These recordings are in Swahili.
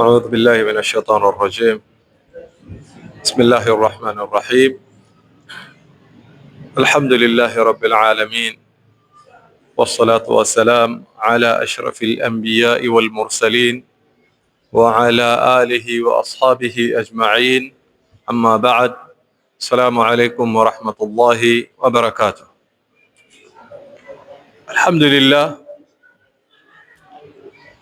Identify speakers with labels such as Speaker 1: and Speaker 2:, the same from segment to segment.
Speaker 1: أعوذ بالله من الشيطان الرجيم بسم الله الرحمن الرحيم الحمد لله رب العالمين والصلاة والسلام على أشرف الأنبياء والمرسلين وعلى آله وأصحابه أجمعين أما بعد السلام عليكم ورحمة الله وبركاته الحمد لله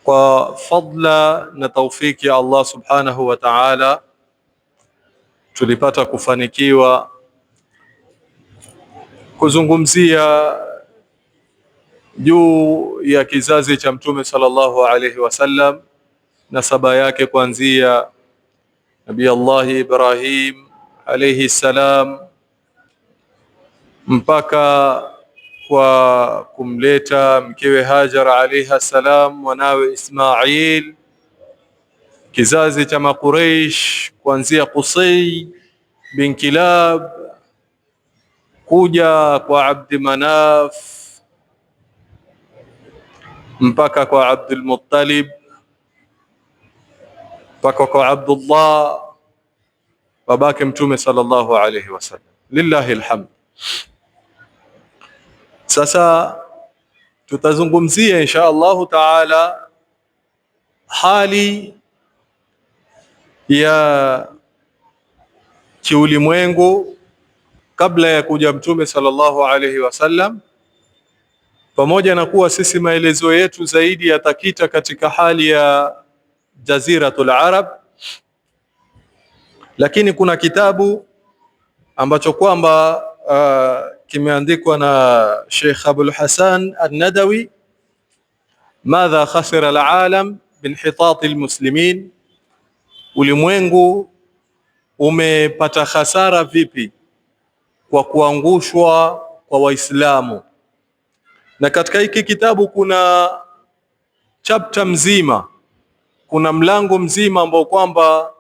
Speaker 1: Kwa fadla na taufiki ya Allah subhanahu wa ta'ala, tulipata kufanikiwa kuzungumzia juu ya kizazi cha Mtume sallallahu alayhi wasallam, nasaba yake kuanzia Nabii Allah Ibrahim alayhi salam mpaka kwa kumleta mkewe Hajar alayha salam, wanawe Ismail, kizazi cha Makureish kuanzia Qusay bin Kilab kuja kwa Abdi Manaf mpaka kwa Abdul Muttalib mpaka kwa Abdullah babake Mtume sallallahu alayhi wasallam. Lillahi alhamd. Sasa tutazungumzia insha Allahu taala hali ya kiulimwengu kabla ya kuja Mtume sallallahu alaihi wasallam, pamoja na kuwa sisi maelezo yetu zaidi yatakita katika hali ya Jaziratul Arab, lakini kuna kitabu ambacho kwamba uh, kimeandikwa na Sheikh Abul Hasan An-Nadawi, madha khasira al-alam binhitati al-muslimin, ulimwengu umepata hasara vipi kwa kuangushwa kwa Waislamu. Na katika hiki kitabu kuna chapter mzima, kuna mlango mzima ambao kwamba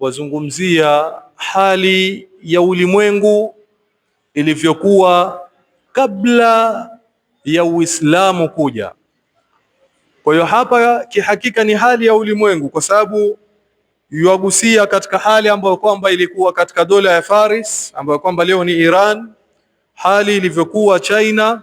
Speaker 1: wazungumzia hali ya ulimwengu ilivyokuwa kabla ya Uislamu kuja. Kwa hiyo hapa kihakika ni hali ya ulimwengu, kwa sababu yuagusia katika hali ambayo kwamba ilikuwa katika dola ya Faris ambayo kwamba leo ni Iran, hali ilivyokuwa China,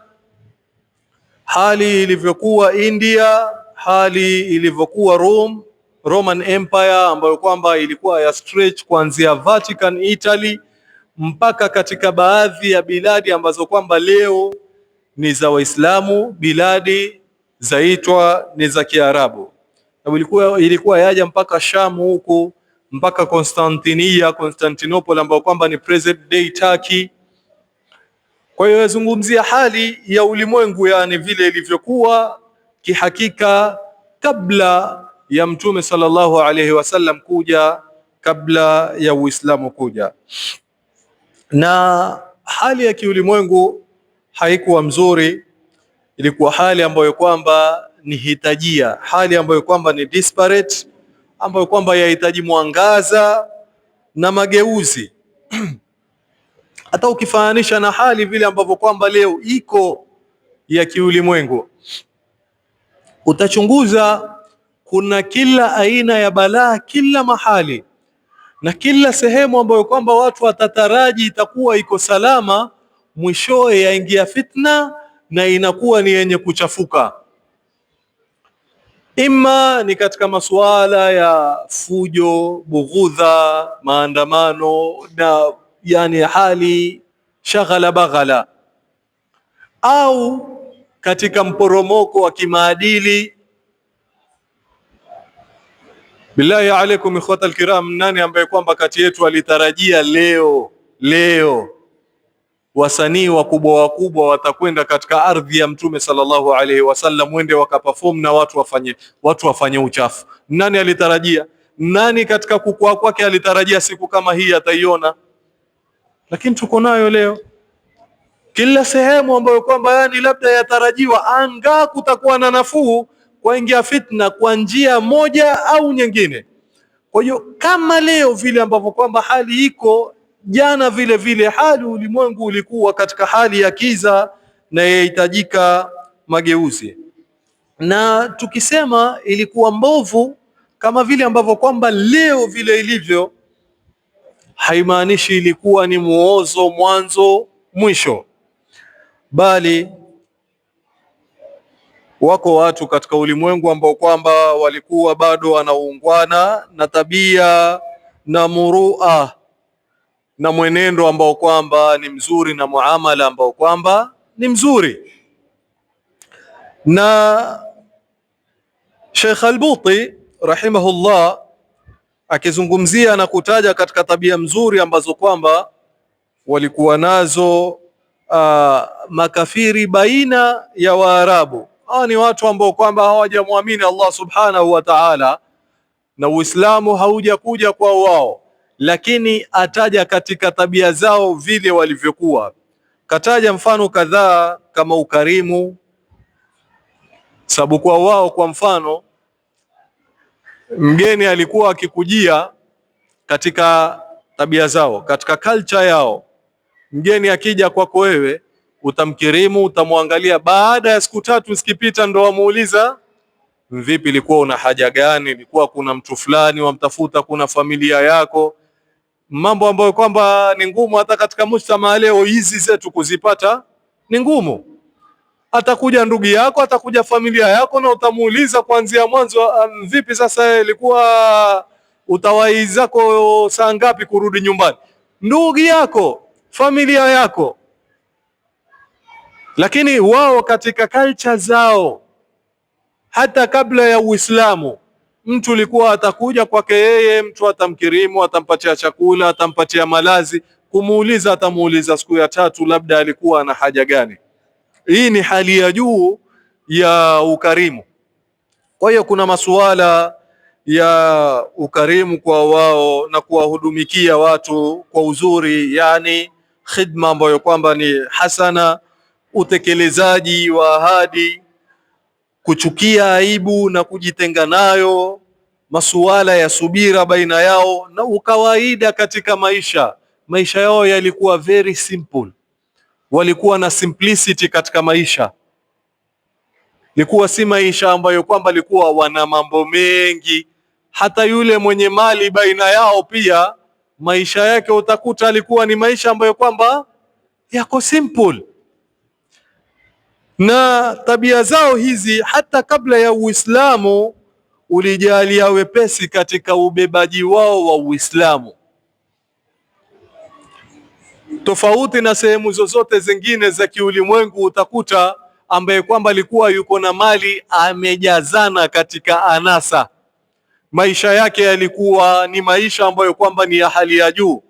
Speaker 1: hali ilivyokuwa India, hali ilivyokuwa Rome, Roman Empire ambayo kwamba ilikuwa ya stretch kuanzia Vatican Italy mpaka katika baadhi ya biladi ambazo kwamba leo ni za Waislamu, biladi zaitwa ni za Kiarabu, ilikuwa ilikuwa yaja mpaka Shamu huku mpaka Konstantinia, Konstantinopoli ambayo kwamba ni present day Turkey. Kwa hiyo yazungumzia hali ya ulimwengu, yani vile ilivyokuwa kihakika kabla ya Mtume sallallahu alayhi wasallam kuja, kabla ya Uislamu kuja na hali ya kiulimwengu haikuwa mzuri, ilikuwa hali ambayo kwamba ni hitajia, hali ambayo kwamba ni disparate, ambayo kwamba yahitaji mwangaza na mageuzi hata ukifananisha na hali vile ambavyo kwamba leo iko ya kiulimwengu, utachunguza kuna kila aina ya balaa kila mahali na kila sehemu ambayo kwamba watu watataraji itakuwa iko salama, mwishowe yaingia fitna na inakuwa ni yenye kuchafuka. Ima ni katika masuala ya fujo, bughudha, maandamano na yani hali shaghala baghala, au katika mporomoko wa kimaadili Billahi alaikum ikhwata alkiram, nani ambaye kwamba kati yetu alitarajia leo leo wasanii wakubwa wakubwa watakwenda katika ardhi ya Mtume sallallahu alaihi wasallam, wende wakaperform na watu wafanye, watu wafanye uchafu? Nani alitarajia? Nani katika kukua kwake alitarajia siku kama hii ataiona? Lakini tuko nayo leo kila sehemu ambayo kwamba yani labda yatarajiwa, anga kutakuwa na nafuu waingia fitna kwa njia moja au nyingine. Kwa hiyo kama leo vile ambavyo kwamba hali iko jana, vile vile hali ulimwengu ulikuwa katika hali ya kiza na yahitajika mageuzi, na tukisema ilikuwa mbovu kama vile ambavyo kwamba leo vile ilivyo, haimaanishi ilikuwa ni muozo mwanzo mwisho, bali Wako watu katika ulimwengu ambao kwamba walikuwa bado wanaungwana na tabia na murua na mwenendo ambao kwamba ni mzuri na muamala ambao kwamba ni mzuri. Na Sheikh Albuti rahimahullah akizungumzia na kutaja katika tabia mzuri ambazo kwamba walikuwa nazo uh, makafiri baina ya Waarabu hawa ah, ni watu ambao kwamba hawajamwamini Allah subhanahu wa ta'ala, na Uislamu haujakuja kwa wao, lakini ataja katika tabia zao vile walivyokuwa. Kataja mfano kadhaa kama ukarimu, sababu kwa wao, kwa mfano, mgeni alikuwa akikujia katika tabia zao, katika culture yao, mgeni akija kwako wewe utamkirimu, utamwangalia. Baada ya siku tatu zikipita, ndo wamuuliza vipi, ilikuwa una haja gani? Ilikuwa kuna mtu fulani wamtafuta, kuna familia yako, mambo ambayo kwamba ni ngumu hata katika mujtama leo hizi zetu kuzipata ni ngumu. Atakuja ndugu yako, atakuja familia yako, na utamuuliza kuanzia mwanzo, vipi sasa, ilikuwa utawahi zako saa ngapi kurudi nyumbani? Ndugu yako, familia yako lakini wao katika kalcha zao, hata kabla ya Uislamu, mtu ulikuwa atakuja kwake yeye, mtu atamkirimu, atampatia chakula, atampatia malazi, kumuuliza atamuuliza siku ya tatu, labda alikuwa ana haja gani. Hii ni hali ya juu ya ukarimu. Kwa hiyo kuna masuala ya ukarimu kwa wao na kuwahudumikia watu kwa uzuri, yani khidma ambayo kwamba ni hasana utekelezaji wa ahadi, kuchukia aibu na kujitenga nayo, masuala ya subira baina yao na ukawaida katika maisha. Maisha yao yalikuwa very simple, walikuwa na simplicity katika maisha. Likuwa si maisha ambayo kwamba likuwa wana mambo mengi. Hata yule mwenye mali baina yao pia maisha yake utakuta alikuwa ni maisha ambayo kwamba yako simple na tabia zao hizi hata kabla ya Uislamu ulijalia wepesi katika ubebaji wao wa Uislamu, tofauti na sehemu zozote zingine za kiulimwengu. Utakuta ambaye kwamba alikuwa yuko na mali amejazana katika anasa, maisha yake yalikuwa ni maisha ambayo kwamba ni ya hali ya juu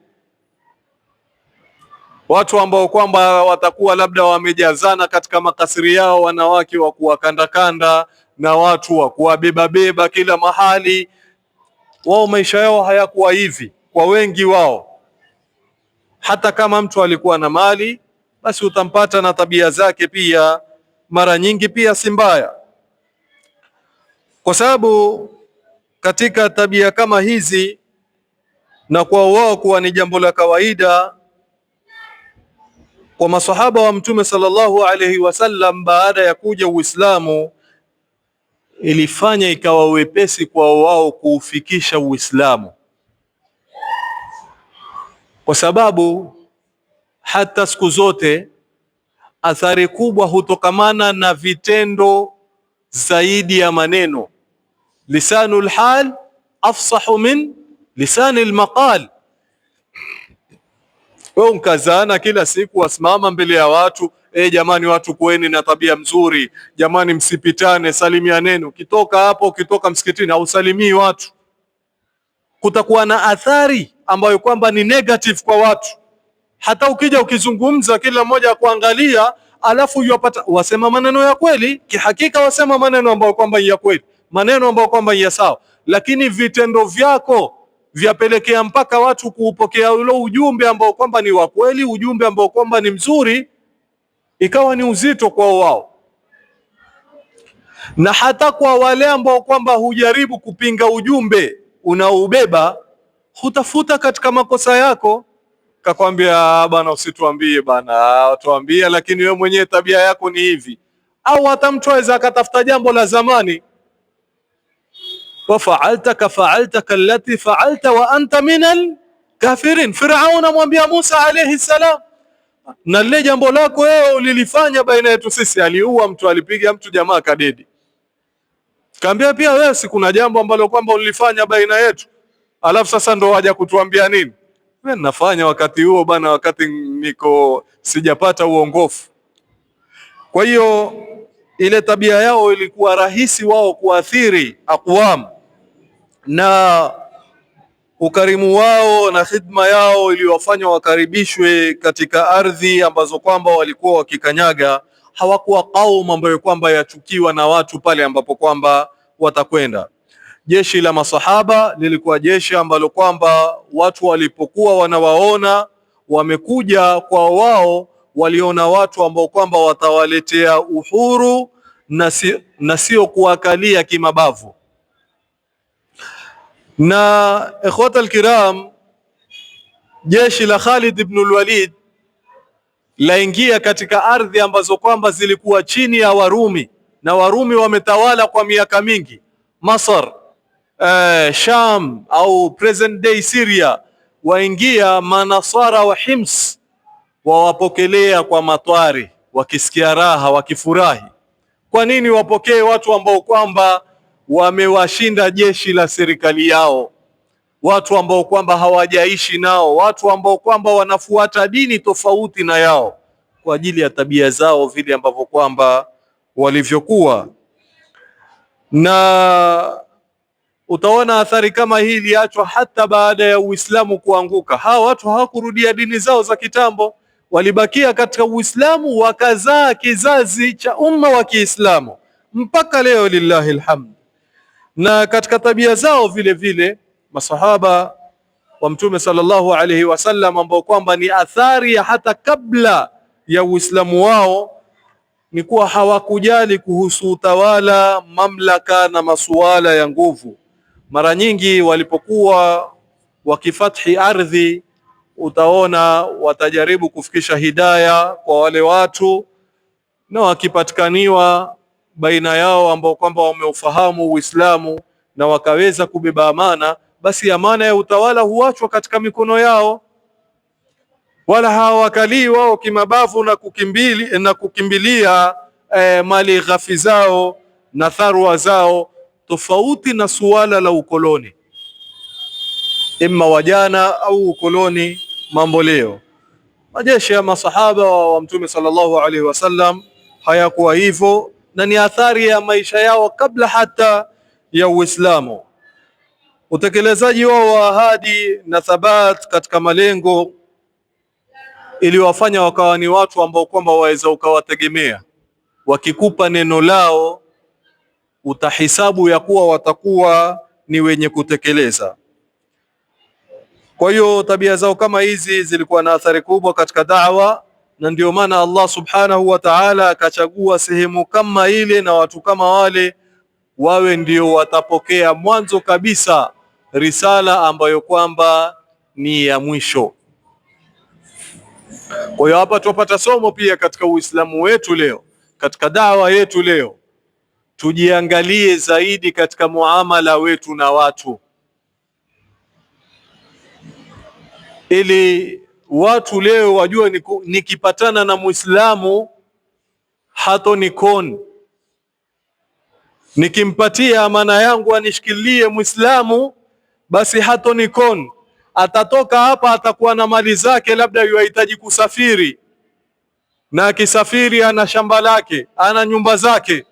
Speaker 1: watu ambao kwamba watakuwa labda wamejazana katika makasiri yao, wanawake wa kuwakandakanda na watu wa kuwabebabeba kila mahali. Wao maisha yao hayakuwa hivi kwa wengi wao. Hata kama mtu alikuwa na mali, basi utampata na tabia zake pia, mara nyingi pia si mbaya, kwa sababu katika tabia kama hizi na kwa wao kuwa ni jambo la kawaida kwa masahaba wa Mtume sallallahu alaihi wasallam baada ya kuja Uislamu ilifanya ikawa wepesi kwa wao kuufikisha Uislamu, kwa sababu hata siku zote athari kubwa hutokamana na vitendo zaidi ya maneno. Lisanul hal afsahu min lisanil maqal wewe mkazaana kila siku, wasimama mbele ya watu e, jamani, watu kueni na tabia mzuri, jamani, msipitane, salimianeni. Ukitoka hapo, ukitoka msikitini, hausalimii watu, kutakuwa na athari ambayo kwamba ni negative kwa watu. Hata ukija ukizungumza, kila mmoja akuangalia, alafu yupata wasema maneno ya kweli, kihakika wasema maneno ambayo kwamba ya kweli, maneno ambayo kwamba ya sawa, lakini vitendo vyako vyapelekea mpaka watu kuupokea ule ujumbe ambao kwamba ni wa kweli, ujumbe ambao kwamba ni mzuri, ikawa ni uzito kwao wao, na hata kwa wale ambao kwamba hujaribu kupinga ujumbe unaoubeba hutafuta katika makosa yako, kakwambia ah, bana, usituambie bana, tuambie, lakini wewe mwenyewe tabia yako ni hivi. Au hata mtu aweza akatafuta jambo la zamani wa fa'alta ka fa'alta kallati fa'alta wa anta minal kafirin. Firaun amwambia Musa alayhi salam, na lile jambo lako wewe ulilifanya baina yetu sisi, aliua mtu, alipiga mtu, jamaa kadedi. Kaambia pia wewe, si kuna jambo ambalo kwamba ulilifanya baina yetu, alafu sasa ndo waja kutuambia nini? wewe nafanya wakati huo bana, wakati niko sijapata uongofu. Kwa hiyo ile tabia yao ilikuwa rahisi wao kuathiri aqwam na ukarimu wao na khidma yao iliyowafanya wakaribishwe katika ardhi ambazo kwamba walikuwa wakikanyaga. Hawakuwa kaum ambayo kwamba yachukiwa na watu pale ambapo kwamba watakwenda. Jeshi la masahaba lilikuwa jeshi ambalo kwamba watu walipokuwa wanawaona wamekuja kwa wao, waliona watu ambao kwamba watawaletea uhuru na sio kuwakalia kimabavu. Na ikhwat alkiram, jeshi la Khalid ibn al-Walid laingia katika ardhi ambazo kwamba zilikuwa chini ya Warumi na Warumi wametawala kwa miaka mingi Masar, eh, Sham au present day Syria. Waingia manasara wa Hims wawapokelea kwa matwari, wakisikia raha, wakifurahi. Kwa nini wapokee watu ambao kwamba wamewashinda jeshi la serikali yao, watu ambao kwamba hawajaishi nao, watu ambao kwamba wanafuata dini tofauti na yao, kwa ajili ya tabia zao vile ambavyo kwamba walivyokuwa. Na utaona athari kama hii iliachwa hata baada ya Uislamu kuanguka. Hawa watu hawakurudia dini zao za kitambo, walibakia katika Uislamu, wakazaa kizazi cha umma wa Kiislamu mpaka leo, lillahi alhamd. Na katika tabia zao vile vile masahaba wa Mtume sallallahu alaihi wasallam ambao kwamba ni athari ya hata kabla ya Uislamu wao ni kuwa hawakujali kuhusu utawala, mamlaka na masuala ya nguvu. Mara nyingi walipokuwa wakifathi ardhi, utaona watajaribu kufikisha hidaya kwa wale watu, na wakipatikaniwa baina yao ambao kwamba wameufahamu Uislamu na wakaweza kubeba amana, basi amana ya utawala huachwa katika mikono yao, wala hawakalii wao kimabavu na kukimbili, na kukimbilia eh, mali ghafi zao na tharwa zao, tofauti na suala la ukoloni, imma wajana au ukoloni mambo leo. Majeshi ya masahaba wa Mtume sallallahu alaihi wasallam hayakuwa hivyo na ni athari ya maisha yao kabla hata ya Uislamu. Utekelezaji wao wa ahadi na thabat katika malengo iliwafanya wakawa ni watu ambao kwamba waweza ukawategemea. Wakikupa neno lao, utahisabu ya kuwa watakuwa ni wenye kutekeleza. Kwa hiyo tabia zao kama hizi zilikuwa na athari kubwa katika dawa na ndio maana Allah subhanahu wa ta'ala akachagua sehemu kama ile na watu kama wale wawe ndio watapokea mwanzo kabisa risala ambayo kwamba ni ya mwisho. Kwa hiyo hapa tupata somo pia katika Uislamu wetu leo, katika dawa yetu leo, tujiangalie zaidi katika muamala wetu na watu ili watu leo wajua, nikipatana na Muislamu hatonikoni, nikimpatia amana yangu anishikilie Muislamu basi hatonikoni. Atatoka hapa atakuwa na mali zake, labda yuhitaji kusafiri, na akisafiri ana shamba lake, ana nyumba zake,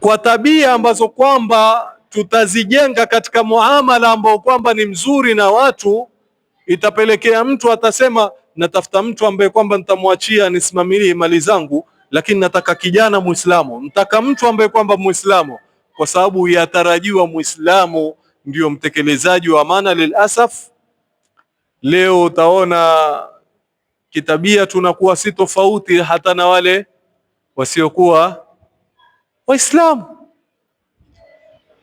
Speaker 1: kwa tabia ambazo kwamba tutazijenga katika muamala ambao kwamba ni mzuri na watu itapelekea mtu atasema, natafuta mtu ambaye kwamba nitamwachia nisimamilie mali zangu, lakini nataka kijana Muislamu, nataka mtu ambaye kwamba Muislamu, kwa sababu yatarajiwa Muislamu ndio mtekelezaji wa amana. Lilasaf, leo utaona kitabia tunakuwa si tofauti hata na wale wasiokuwa Waislamu.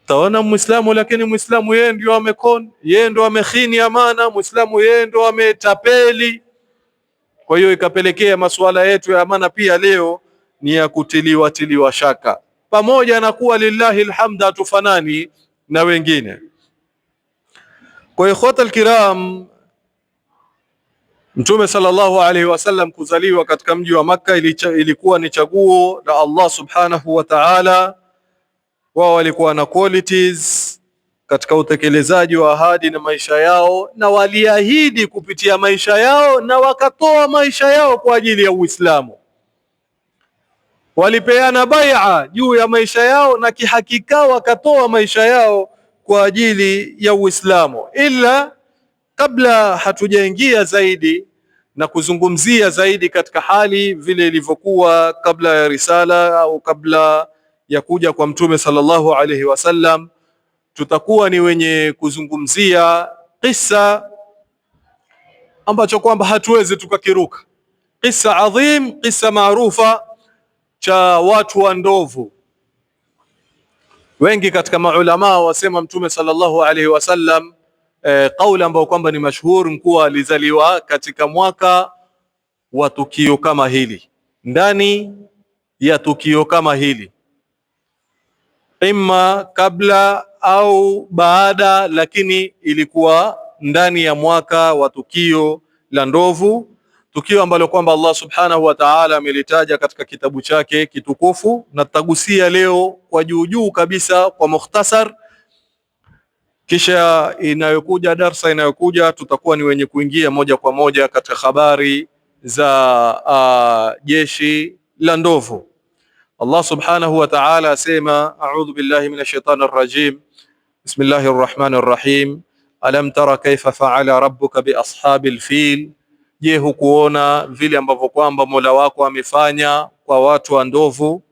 Speaker 1: Taona Muislamu lakini Muislamu yeye ndio amekon, yeye ndio amekhini amana, Muislamu yeye ndio ametapeli. Kwa hiyo ikapelekea masuala yetu ya amana pia leo ni ya kutiliwa tiliwa shaka, pamoja na kuwa lillahi alhamd hatufanani na wengine. Kwa ikhwata alkiram, Mtume sallallahu alaihi wasallam kuzaliwa katika mji wa Makka ilikuwa ni chaguo la Allah subhanahu wa ta'ala wao walikuwa na qualities katika utekelezaji wa ahadi na maisha yao, na waliahidi kupitia maisha yao na wakatoa maisha yao kwa ajili ya Uislamu. Walipeana baia juu ya maisha yao na kihakika wakatoa maisha yao kwa ajili ya Uislamu. Ila kabla hatujaingia zaidi na kuzungumzia zaidi katika hali vile ilivyokuwa kabla ya risala au kabla ya kuja kwa Mtume sallallahu alaihi wasallam, tutakuwa ni wenye kuzungumzia kisa ambacho kwamba hatuwezi tukakiruka, kisa adhim, kisa maarufa cha watu wa ndovu. Wengi katika maulamaa wasema Mtume sallallahu alaihi wasallam e, eh, kauli ambayo kwamba ni mashuhuri kuwa alizaliwa katika mwaka wa tukio kama hili, ndani ya tukio kama hili imma kabla au baada, lakini ilikuwa ndani ya mwaka wa tukio la ndovu, tukio ambalo kwamba Allah subhanahu wa ta'ala amelitaja katika kitabu chake kitukufu, na tutagusia leo kwa juu juu kabisa kwa mukhtasar, kisha inayokuja darsa inayokuja tutakuwa ni wenye kuingia moja kwa moja katika habari za uh, jeshi la ndovu. Allah subhanahu wa ta'ala asema, a'udhu billahi minash shaitani rrajim bismillahir rahmanir rahim alam tara kaifa faala rabbuka bi ashabil fil, je hukuona vile ambavyo kwamba Mola wako amefanya kwa watu wa ndovu.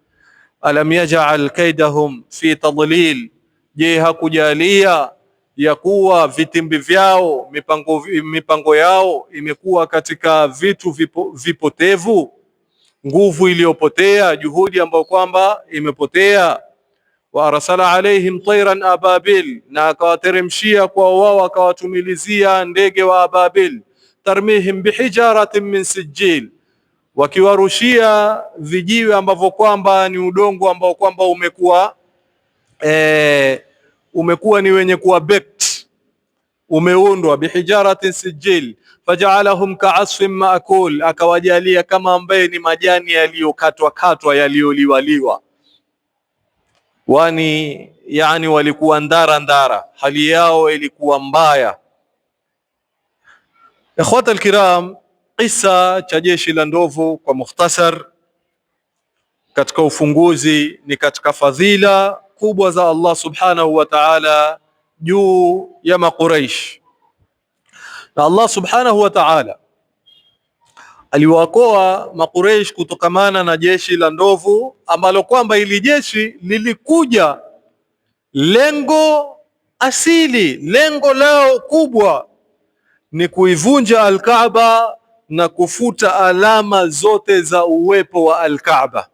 Speaker 1: Alam yaj'al kaidahum fi tadlil, je hakujalia ya kuwa vitimbi vyao mipango, mipango yao imekuwa katika vitu vipo, vipotevu nguvu iliyopotea, juhudi ambayo kwamba imepotea. wa arsala alaihim tairan ababil, na akawateremshia kwa wao, akawatumilizia ndege wa ababil. tarmihim bihijaratin min sijil, wakiwarushia vijiwe ambavyo kwamba ni udongo ambao kwamba umekuwa e, umekuwa ni wenye kuwa bekt, umeundwa bihijaratin sijil fajaalahum kaasfin maakul, akawajalia kama ambaye ni majani yaliyokatwa katwa yaliyoliwaliwa. Wani yani walikuwa ndara ndara, hali yao ilikuwa mbaya. Ikhwata alkiram, kisa cha jeshi la ndovu kwa mukhtasar, katika ufunguzi ni katika fadhila kubwa za Allah subhanahu wa ta'ala juu ya Maquraish na Allah subhanahu wa ta'ala aliwaokoa Makureish kutokamana na jeshi la ndovu ambalo kwamba ili jeshi lilikuja lengo asili, lengo lao kubwa ni kuivunja Alkaaba na kufuta alama zote za uwepo wa Alkaaba.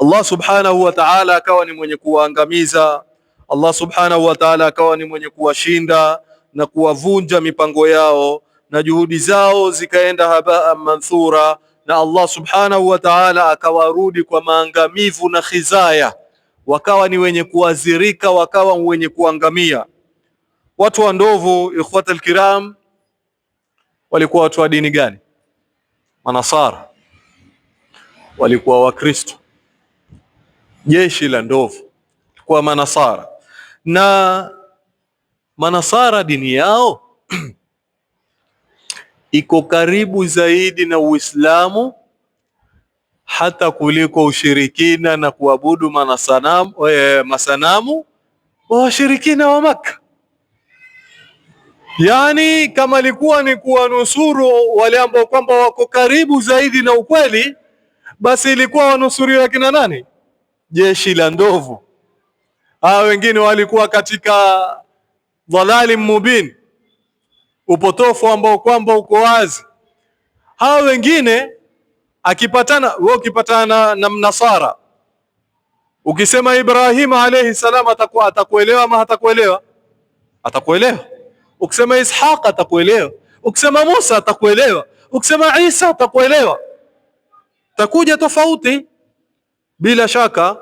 Speaker 1: Allah subhanahu wa ta'ala akawa ni mwenye kuwaangamiza, Allah subhanahu wa ta'ala akawa ni mwenye kuwashinda na kuwavunja mipango yao na juhudi zao zikaenda habaa manthura, na Allah subhanahu wa ta'ala akawarudi kwa maangamivu na khizaya, wakawa ni wenye kuwazirika, wakawa wenye kuangamia. Watu wa ndovu, ikhwata alkiram, walikuwa watu wa dini gani? Manasara walikuwa Wakristo. Jeshi la ndovu kwa Manasara na Manasara dini yao iko karibu zaidi na Uislamu hata kuliko ushirikina na kuabudu manasanamu, e, masanamu wa washirikina wa Makka. Yaani, kama likuwa ni kuwanusuru wale ambao kwamba wako karibu zaidi na ukweli, basi ilikuwa wanusuriwa kina nani? Jeshi la ndovu. Hawa wengine walikuwa katika dhalalin mubin, upotofu ambao kwamba uko wazi. Hawa wengine akipatana wewe, ukipatana na mnasara ukisema ibrahim alayhi salam, atakuwa atakuelewa ama hatakuelewa? Atakuelewa. Ukisema Ishaq atakuelewa, ukisema Musa atakuelewa, ukisema Isa atakuelewa. Takuja tofauti bila shaka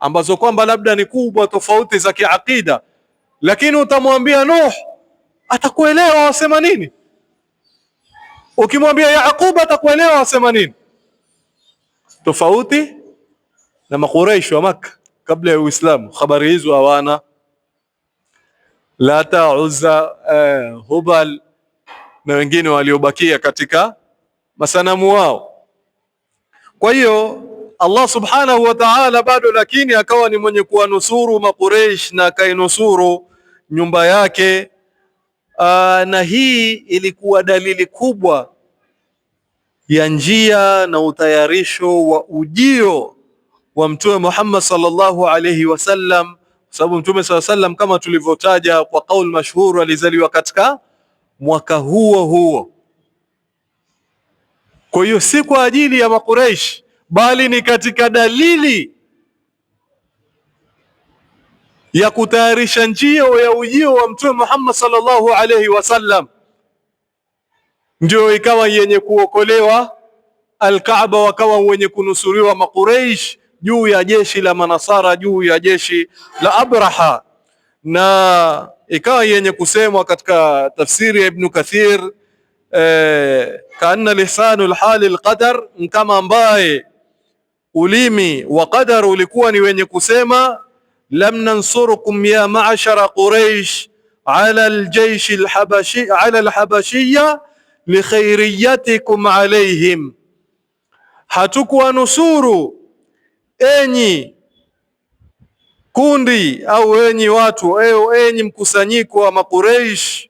Speaker 1: ambazo kwamba labda ni kubwa, tofauti za kiakida lakini utamwambia Nuh atakuelewa wasema nini, ukimwambia Yaqub atakuelewa wasema nini, tofauti na Makuraishi wa Makka kabla ya Uislamu. Habari hizo hawana Lata, Uzza, eh, Hubal na wengine waliobakia katika masanamu wao. Kwa hiyo Allah subhanahu wa ta'ala bado, lakini akawa ni mwenye kuwanusuru Makuraish na akainusuru nyumba yake. Aa, na hii ilikuwa dalili kubwa ya njia na utayarisho wa ujio wa Mtume Muhammad sallallahu alayhi wasallam, kwa sababu Mtume sallallahu alayhi wasallam kama tulivyotaja kwa kauli mashhuru, alizaliwa katika mwaka huo huo. Kwa hiyo si kwa ajili ya Makuraish, bali ni katika dalili ya kutayarisha njia ya ujio wa Mtume Muhammad sallallahu alaihi wasallam, ndio ikawa yenye kuokolewa Alkaaba, wakawa wenye kunusuriwa Makuraish juu ya jeshi la Manasara, juu ya jeshi la Abraha, na ikawa yenye kusemwa katika tafsiri ya Ibn Kathir eh, kaanna lisanu lhali lqadar kama ambaye ulimi wa qadar ulikuwa ni wenye kusema lam nansurukum ya ma'shara quraish ala aljaysh alhabashi ala alhabashiyya likhairiyatikum alaihim, hatukuwanusuru enyi kundi au enyi watu eo enyi mkusanyiko wa Makureish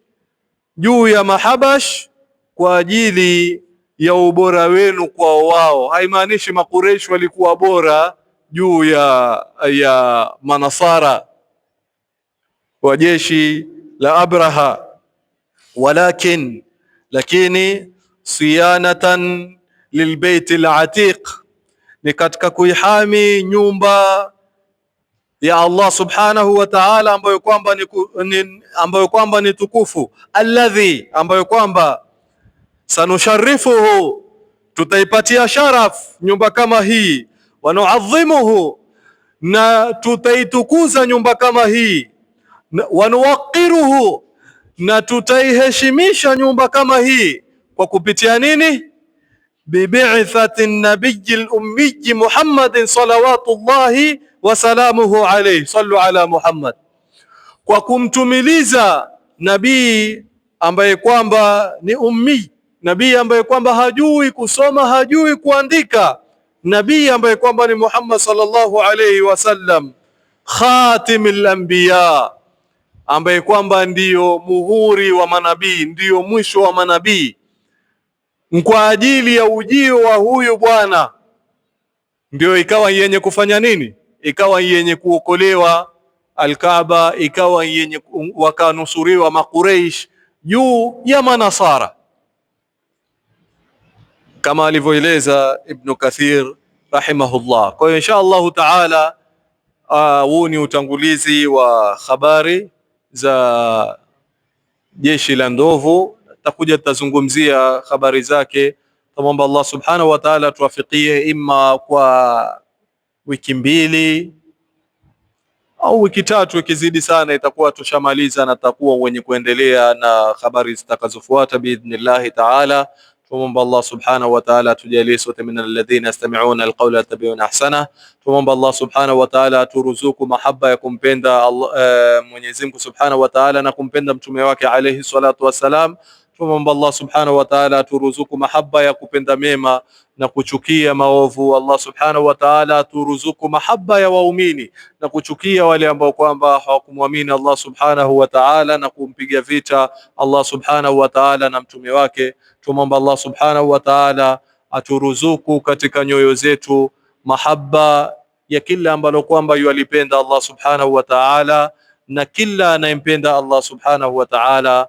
Speaker 1: juu ya Mahabash kwa ajili ya ubora wenu kwao wao. Haimaanishi Makureish walikuwa bora juu ya, ya manasara wa jeshi la Abraha, walakin lakini siyanatan lilbeiti latiq ni katika kuihami nyumba ya Allah subhanahu wa ta'ala, ambayo kwamba ni, ni, ambayo kwamba ni tukufu, alladhi, ambayo kwamba sanusharifuhu, tutaipatia sharaf nyumba kama hii wanuadhimuhu, na tutaitukuza nyumba kama hii, wanuwaqiruhu, na tutaiheshimisha nyumba kama hii kwa kupitia nini? Bibithati nabiyi lummiyi Muhammadin salawatullahi wasalamuhu alayhi, sallu ala Muhammad, kwa kumtumiliza nabii ambaye kwamba ni ummi, nabii ambaye kwamba hajui kusoma, hajui kuandika nabii ambaye kwamba ni Muhammad sallallahu alayhi wasallam, khatimul anbiya, ambaye kwamba ndiyo muhuri wa manabii, ndiyo mwisho wa manabii, kwa ajili ya ujio wa huyu bwana ndio ikawa yenye kufanya nini? Ikawa yenye kuokolewa Alkaaba, ikawa yenye wakanusuriwa Makureish juu ya Manasara kama alivyoeleza Ibnu Kathir rahimahullah. Kwa hiyo insha Allahu taala ah, huu uh, ni utangulizi wa habari za jeshi la ndovu. Takuja tutazungumzia habari zake, tamwomba Allah subhanahu wa taala tuwafikie imma kwa wiki mbili au wiki tatu, ikizidi sana itakuwa tushamaliza na takuwa wenye kuendelea na habari zitakazofuata biidhnillahi taala. Tumomba Allah subhanahu wa ta'ala atujalie sote min alladhina yastami'una alqawla yattabi'una ahsana. Tumomba Allah subhanahu wa ta'ala aturuzuku mahaba ya kumpenda Allah, eh, Mwenyezi Mungu subhanahu wa ta'ala na kumpenda mtume wake alayhi salatu wassalam. Tumwomba Allah subhanahu wa ta'ala aturuzuku mahaba ya kupenda mema na kuchukia maovu. Allah subhanahu wa ta'ala aturuzuku mahaba ya waumini na kuchukia wale ambao kwamba hawakumwamini Allah subhanahu wa ta'ala na kumpiga vita Allah subhanahu wa ta'ala na mtume wake. Tumwomba Allah subhanahu wa ta'ala aturuzuku katika nyoyo zetu mahaba ya kila ambalo kwamba yualipenda Allah subhanahu wa ta'ala na kila anayempenda Allah subhanahu wa ta'ala